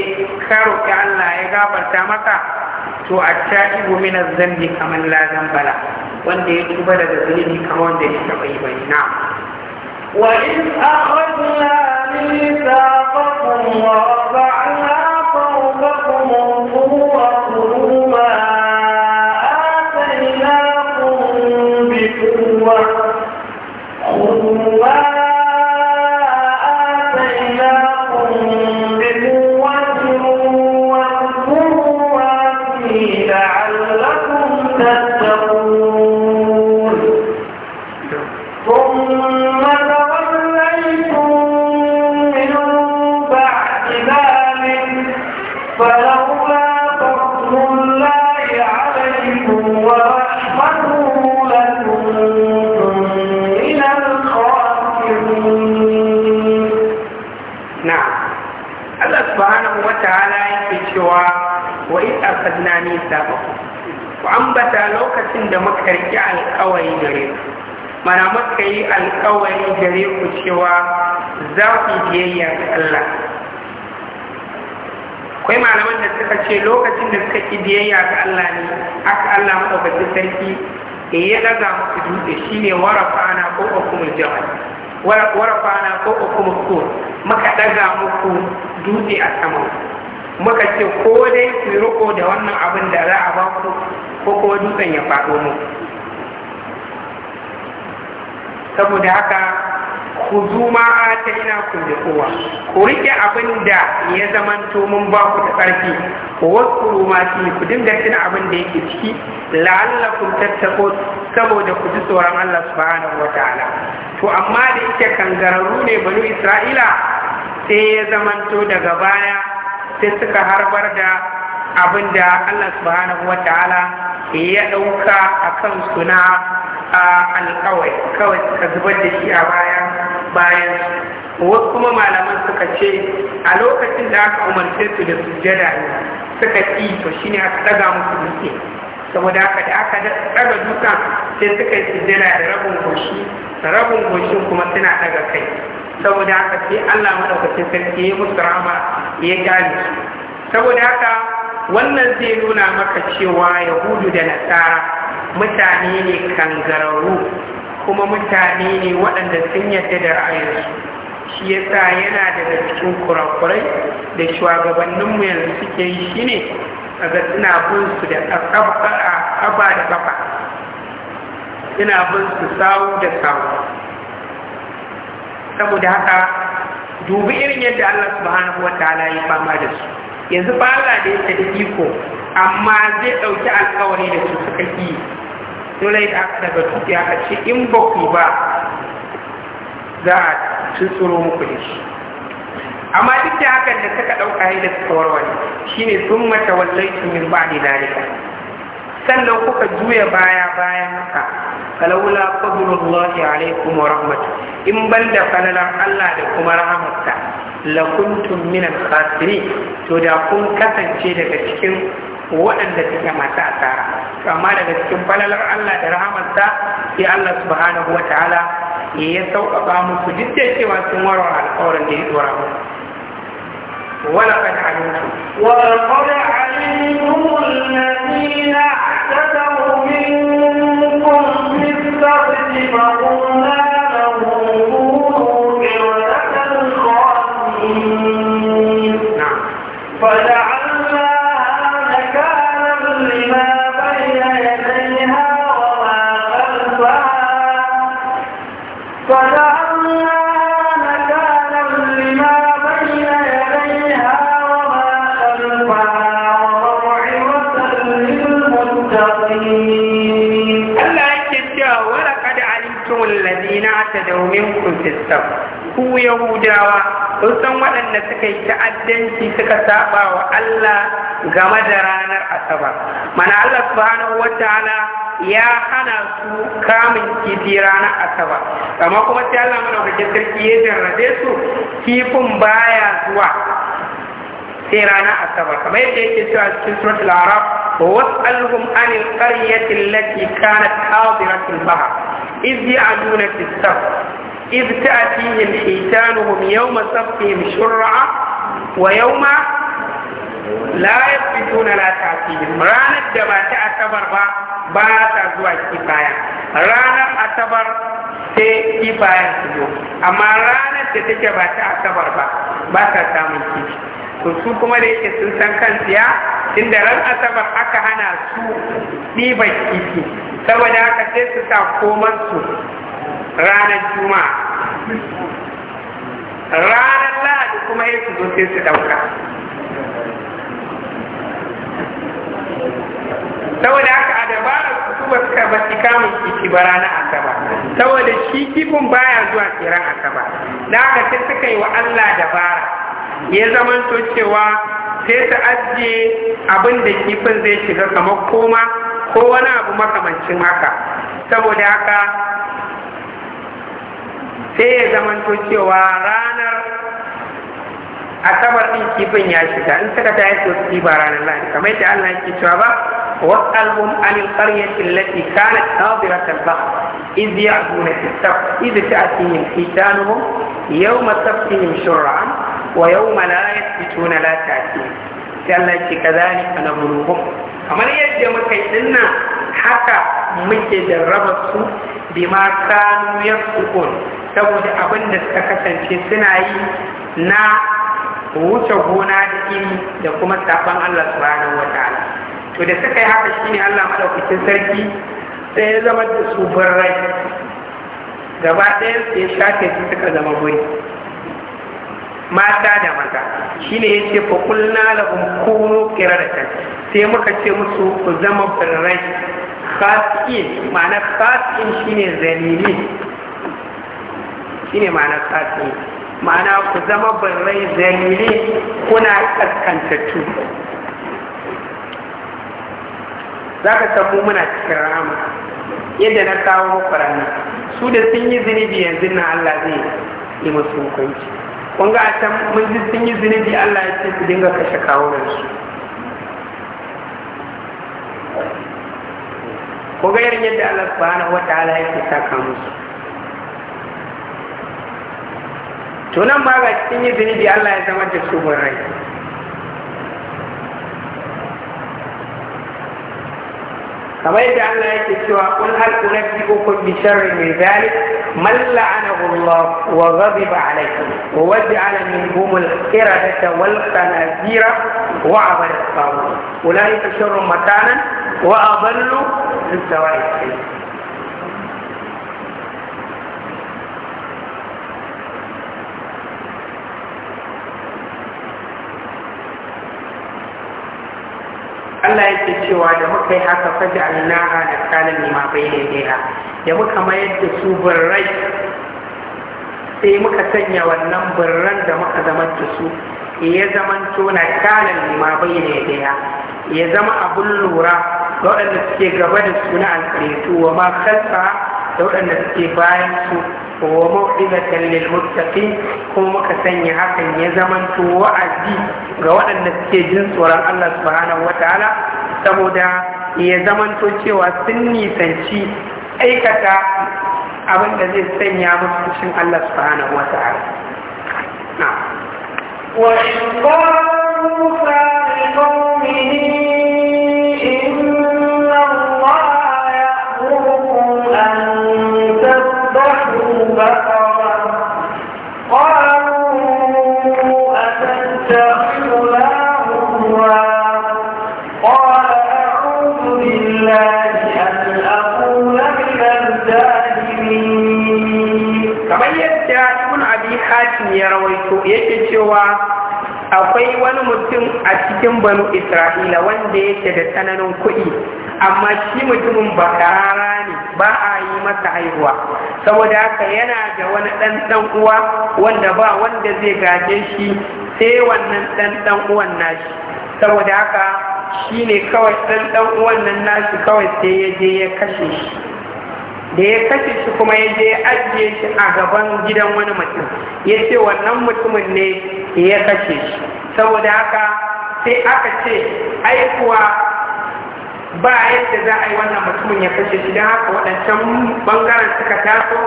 ka Allah ya gafarta maka to a caki min zambi kamar lazan bala wanda ya tuba daga zunubi kamar wanda ya taba yi bai na. وإذ أخذنا ميثاقكم ورفعنا alkawari gare ku mana muka yi alkawari gare ku cewa za ku biyayya ga Allah akwai malaman da suka ce lokacin da suka ki biyayya ga Allah ne aka Allah madaukakin sarki ya daga muku dutse shine warafana ko mu jawal warafana ko mu ko. muka daga muku dutse a sama muka ce ko dai ku riko da wannan abin da za a ba ku ko kuma dutsen ya faɗo muku saboda haka ku zuma a ta ina kulle kowa ku rike abin da ya zamanto mun ba ku da ƙarfi ku wasu ruma fi ku dinga cin abin da yake ciki la'alla ku tattako saboda ku ji tsoron Allah subhanahu wa ta'ala to amma da ita kangararru ne banu Isra'ila sai ya zamanto daga baya sai suka harbar da abin da Allah subhanahu wa ta'ala ya ɗauka a kan suna alkawai kawai suka zubar da shi a bayan bayan wasu kuma malaman suka ce a lokacin da aka umarce su da sujjada ne suka ci to shine aka ɗaga musu dutse saboda haka da aka ɗaga dutsen sai suka yi sujjada da rabin goshi rabin goshin kuma suna daga kai saboda haka sai Allah madaukakin sarki ya musu rama ya gane su saboda haka wannan zai nuna maka cewa yahudu da nasara mutane ne kangararru kuma mutane ne waɗanda sun yadda da ra'ayinsu shi ya sa yana daga cikin kurakurai da shugabanninmu yanzu suke yi shi a ga suna bin su da ƙafa da ƙafa suna bin su sawu da sawu saboda haka dubi irin yadda Allah subhanahu wa ta'ala ya fama da su yanzu ba za da yake da iko amma zai ɗauki alkawari da su suka yi dole da aka daga tuki aka ce in ba ku ba za a tsoro muku da shi amma duk da hakan da suka ɗauka yi da suka warware ne sun mata wallai su min ba ni dalika sannan kuka juya baya bayan haka falawla fadlullahi alaikum wa rahmatu in ban da falalar Allah da kuma rahmatsa lakuntum min al-khasirin to da kun kasance daga cikin waɗanda suke masu asara to amma daga cikin falalar Allah da rahamarsa sai Allah subhanahu wataala ya sauƙaƙa musu duk da cewa sun warware alƙawarin da ya dora musu ولقد علمتم ولقد علمتم الذين اعتدوا منكم في السبت فقلنا لهم kiristan ku yahudawa sun san waɗanda suka yi ta'addanci suka saɓa wa Allah game da ranar Asaba, mana Allah subhanahu wataala ya hana su kamun kifi ranar Asaba. amma kuma sai Allah madaukakin sarki ya jarrabe su kifin baya zuwa sai ranar asabar kamar yadda yake cewa cikin suratul araf واسألهم عن القرية التي كانت حاضرة البحر إذ يعدون في السفر إذ تأتيهم حيتانهم يوم سبتهم شرعا ويوم لا يثبتون لا تأتيهم رانا دبا تأتبر با با تزوى كفاية رانا أتبر sai kifayen su zo amma ranar da take ba ta asabar ba ba samun kifi su kuma da yake sun san kan siya, inda ran asabar aka hana su ɗiban kifi saboda haka sai su sa komansu ranar juma'a ranar lahadi kuma ya su zo sai su ɗauka saboda haka a dabarar su ba suka ba su kamun kiki ba ranar asaba saboda shi kifin baya zuwa tseren asaba da haka sai suka yi wa allah dabara ya zamanto cewa sai su ajiye abin da kifin zai shiga kamar koma ko wani abu makamancin haka saboda haka sai ya zamanto cewa ranar asabar din kifin ya shiga in suka ta yi sosai ba ranar lahadi kamar yadda Allah yake cewa ba was'alhum anil qaryati allati kanat nadirat al-bahr إذ يعدون في السبت إذ تأتيهم حيتانهم يوم سبتهم شرعا ويوم لا يثبتون لا تأتيهم قال لك كذلك نبلوهم kamar yadda muka yi dinna haka muke da raba su bima kanu yafsukun saboda abin da suka kasance suna yi na wuce gona da iri da kuma saban Allah subhanahu wa ta'ala to da suka yi haka shine Allah madaukakin sarki sai ya zama da su rai gaba ɗaya su ya shafe su suka zama guri mata da maza shine ya ce fa kulna lahum kunu kai. sai muka ce musu ku zama birrai khasin ma'ana khasin shine zalili shine ma'ana safi ma'ana ku zama birrai zalile kuna kaskantattu za ka samu muna cikin rama yadda na kawo muku su da sun yi zunubi yanzu na Allah zai yi musu hukunci kun ga a can mun ji sun yi zunubi Allah ya ce su dinga kashe kawunansu ku ga yadda Allah subhanahu wataala yake saka musu tunan ba ga cikin yin zunubi Allah ya zama da su rai kamar yadda Allah ya yake cewa kun kul hal unabbiukum bi sharri min dhalik man la'anahu Allah wa ghadiba alayhi wa waj'ala minhum al-qiradata wal khanazira wa abada sawu ulai ka sharrun makanan wa adallu min sawa'i Allah yake cewa da muka yi haka faji alnaha da kalin ma bai daidaiha da muka mayar da su birrai sai muka sanya wannan birran da muka zama da su ya zama tona kalin ma bai daidaiha ya zama abun lura waɗanda suke gaba da suna alƙaitu wa ma kansa da waɗanda suke bayan su wa mau'izatan lil muttaqin kuma muka sanya hakan ya zamanto wa'azi ga waɗanda suke jin tsoron Allah subhanahu wataala saboda ya zamanto cewa sun nisanci aikata abin da zai sanya musu cikin Allah subhanahu wataala na wa ya rawaito yake cewa akwai wani mutum a cikin banu Isra'ila wanda yake da tsananin kuɗi amma shi mutumin ba karara ne ba a yi masa haihuwa saboda haka yana da wani ɗan ɗan uwa wanda ba wanda zai gaje shi sai wannan ɗan ɗan uwan nashi saboda haka shi ne kawai ɗan ɗan uwan nan nashi kawai sai ya je ya kashe shi da ya kashe shi kuma ya je ajiye shi a gaban gidan wani mutum ya ce wannan mutumin ne ya kashe shi saboda haka sai aka ce aikuwa ba yadda za a yi wannan mutumin ya kashe shi don haka waɗancan ɓangaren suka taso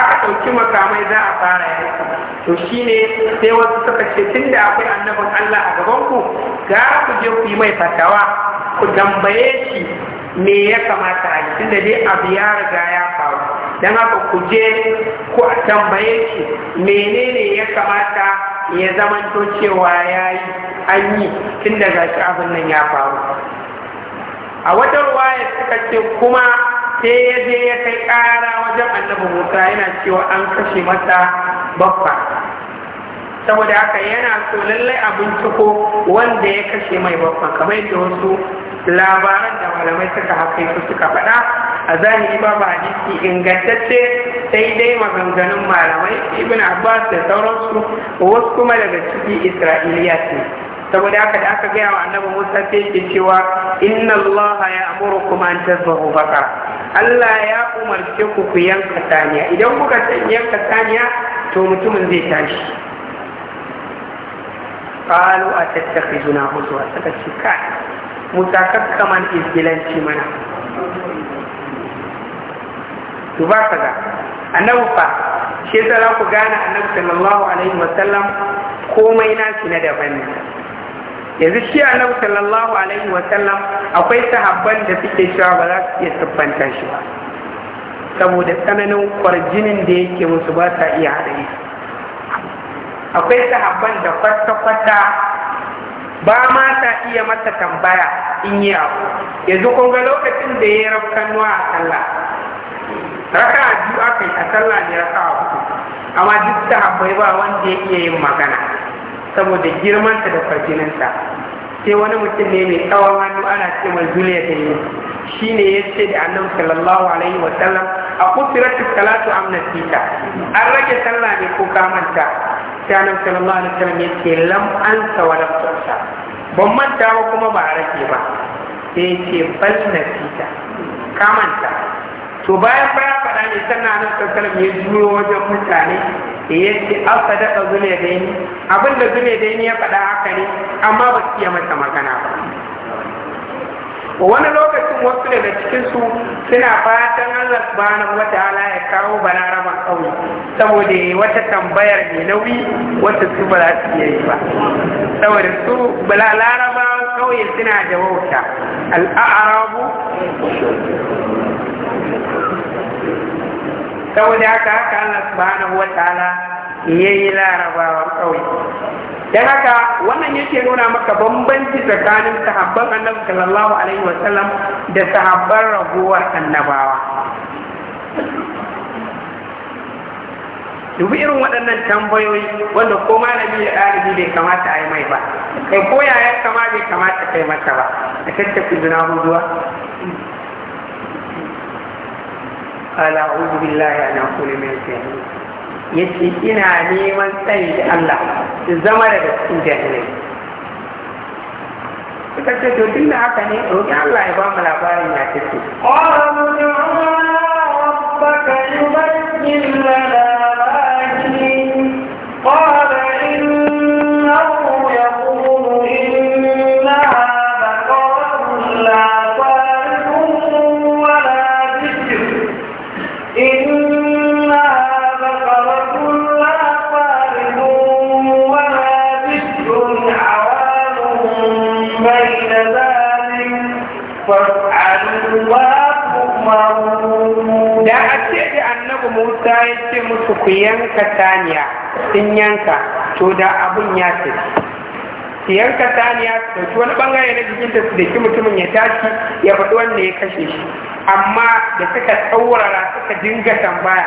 aka ɗauki makamai za a fara yaki to shi ne sai wasu suka ce tun da akwai annabin allah a gabanku gara ku je ku yi mai fatawa ku tambaye shi me ya kamata a yi da dai abu ya riga ya faru don haka ku je ku a tambaye shi menene ya kamata ya zamanto cewa ya yi an yi tun ga shi abin nan ya faru a wata ruwaya suka ce kuma sai ya je ya kai ƙara wajen annabi musa yana cewa an kashe masa babba saboda haka yana so lallai a binciko wanda ya kashe mai babban kamar yadda wasu labaran da malamai suka haka suka faɗa a zahiri ba ba hadisi ingantacce sai dai maganganun malamai ibn abbas da sauransu wasu kuma daga ciki isra'iliya ce saboda haka da aka gaya wa annabi musa sai yake cewa inna allah ya amuru kuma an tazbahu baka allah ya umarce ku ku yanka saniya idan kuka yanka saniya to mutumin zai tashi qalu atattakhizuna huzwa suka ce ka musa kakkaman izgilanci mana to ba ka ga annabi fa shi yasa za ku gane annabi sallallahu alaihi wasallam komai nashi na daban ne yanzu shi annabi sallallahu alaihi wasallam akwai sahabban da suke cewa ba za su iya siffanta shi ba saboda tsananin kwarjinin da yake musu ba sa iya haɗari akwai sahabban da kwata-kwata ba ma ta iya mata tambaya in yi abu yanzu kunga lokacin da ya yi rafkanuwa a sallah raka a biyu aka yi a sallah ne raka a hudu amma duk sahabbai ba wanda ya iya yin magana saboda girmanta da farjininta sai wani mutum ne mai tsawon hannu ana ce mai zuliya da yi shi ne ya ce da annabi sallallahu alaihi wa sallam a kusuratu salatu amnatita an rage sallah ne ko kamanta sai annabi sallallahu alaihi wasallam ya ce lam ansa wa lam ban manta ba kuma ba a rage ba sai ce bal nasita ka ta, to bayan baya faɗa ne sannan annabi sallallahu alaihi wasallam ya juyo wajen mutane ya ce an sadaka zule da ni abinda zule da ni ya faɗa haka ne amma ba su iya masa magana ba wani lokacin wasu daga cikinsu suna fatan Allah subhanahu wataala ya kawo balaraba kauye saboda wata tambayar ne nauyi wata su ba za su iya yi ba saboda su balaraba kauye suna da wauta al'arabu saboda haka haka Allah subhanahu wataala yayi larabawa kauye dan haka wannan yake nuna maka bambanci tsakanin sahabban annabi sallallahu alaihi wasallam da sahabban raguwar annabawa dubi irin waɗannan tambayoyi wanda ko malami da ɗalibi bai kamata a yi mai ba kai ko yaya kama bai kamata kai mata ba a tattafi zina huduwa ala'udu billahi ana mai sahihi ya ina neman tsari da Allah su zama daga cikin jahilai suka ce to duk da haka ne roƙi Allah ya ba mu labarin ya ce ku yanka taniya sun yanka to da abun ya tafi su yanka taniya su ɗauki wani ɓangare na jikinta su daki mutumin ya tashi ya faɗi wanda ya kashe shi amma da suka tsaurara suka dinga tambaya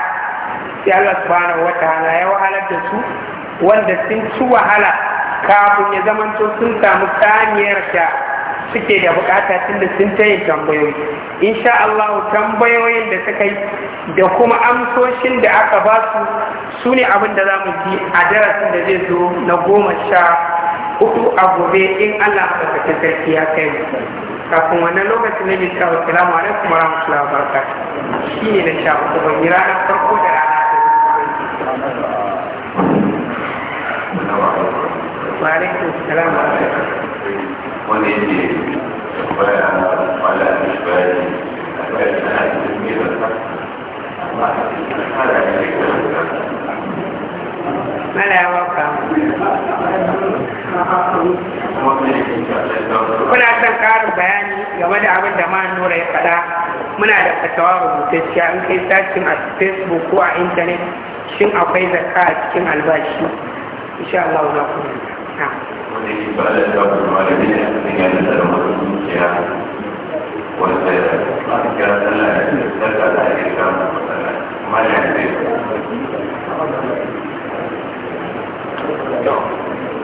sai Allah subhanahu wa ta'ala ya wahalar da su wanda sun ci wahala kafin ya zamanto sun samu taniyar sha suke da bukata tunda sun ta yin tambayoyi insha Allah tambayoyin da suka yi da kuma amsoshin da aka ba su su ne abin da za mu ji a darasin da zai zo na goma sha hudu a gobe in Allah maɗaukakin sarki ya kai mu kafin wannan lokacin ne mai tsawon salamu alaikum wa rahmatullahi wa barakatuh shi ne na sha hudu ban yi ranar farko da rana ta wa alaikum salam wanda yake baya wala da bayani a Kuna son ƙarin bayani game da abin da ma nura ya faɗa muna da fatawa rubutacciya in kai sashin a facebook ko a intanet shin akwai zakka a cikin albashi insha Allah za ku wanda ba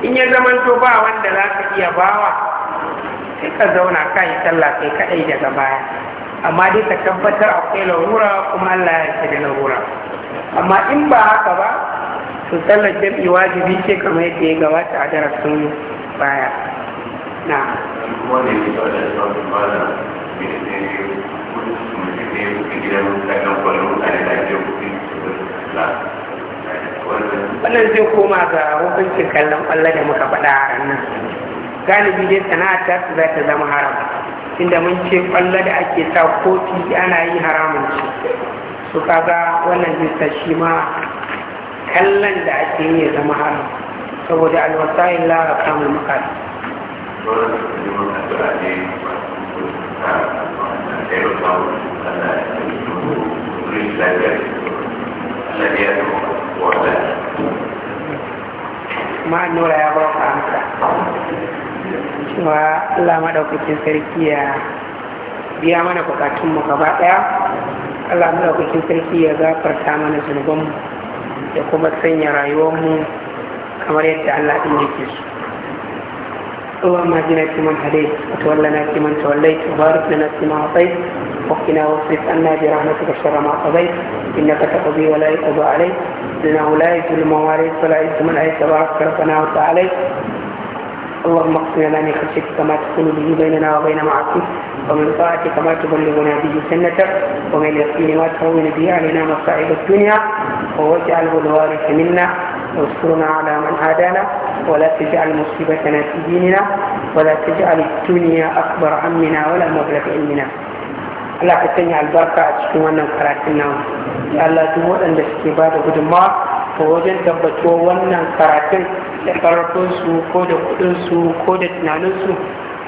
in ya zamanto ba wanda za ka iya bawa sai ka zauna ka yi sallah kai kaɗai daga baya amma dai ka tabbatar akwai larura kuma Allah ya ce da larura amma in ba haka ba su sallar jam'i wajibi ce kamar yadda ya gabata a darasin baya na wannan zai koma ga hukuncin kallon kwallo da muka faɗa a ranar galibi dai sana'a ta za ta zama haram inda mun ce kwallo da ake sa kofi ana yi haramun ce su kaga wannan zai ta shi ma kallan da ake yi ya zama haram saboda alwasayin lara kamun makari ma nura ya bauka amsa cewa Allah maɗaukakin sarki ya biya mana bukatunmu gaba ɗaya Allah maɗaukakin sarki ya gafarta mana zunubanmu ya kuma sanya rayuwarmu kamar yadda Allah ɗin yake su. اللهم اهدنا فيمن هديت وتولنا فيمن توليت وبارك لنا فيما اعطيت وقنا واصرف عنا برحمتك شر ما قضيت انك تقضي ولا يقضى عليك انه لا يذل من واليت ولا يذل من عليك تبارك ربنا وتعاليت اللهم اغفر لنا من خشيتك كما تكون به بيننا وبين معاصيك ومن طاعتك ما تبلغنا به جنتك ومن اليقين ما تهون به علينا مصائب الدنيا واجعله الوارث منا واسترنا على من عادانا ولا تجعل مصيبتنا في ديننا ولا تجعل الدنيا اكبر همنا ولا مبلغ علمنا الله ka sanya albarka a cikin wannan الله تموت ya Allah duk to wajen tabbato wannan karatun da su ko da kudin su ko da tunanin su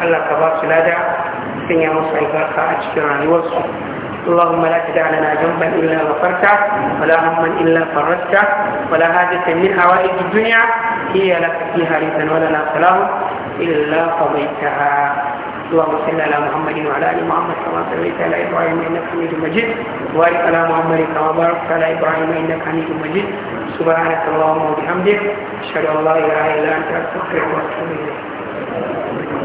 Allah ka ba su lada sun ya musu albarka a cikin rayuwar su اللهم لا تدع لنا ذنبا الا غفرته ولا هما الا فرجته ولا حاجه من حوائج الدنيا هي لك فيها ريثا ولنا سلام الا قضيتها اللهم صل على محمد وعلى ال محمد كما صليت على ابراهيم انك حميد مجيد وبارك على محمد كما باركت على ابراهيم انك حميد مجيد سبحانك اللهم وبحمدك اشهد ان لا اله الا انت استغفرك واتوب اليك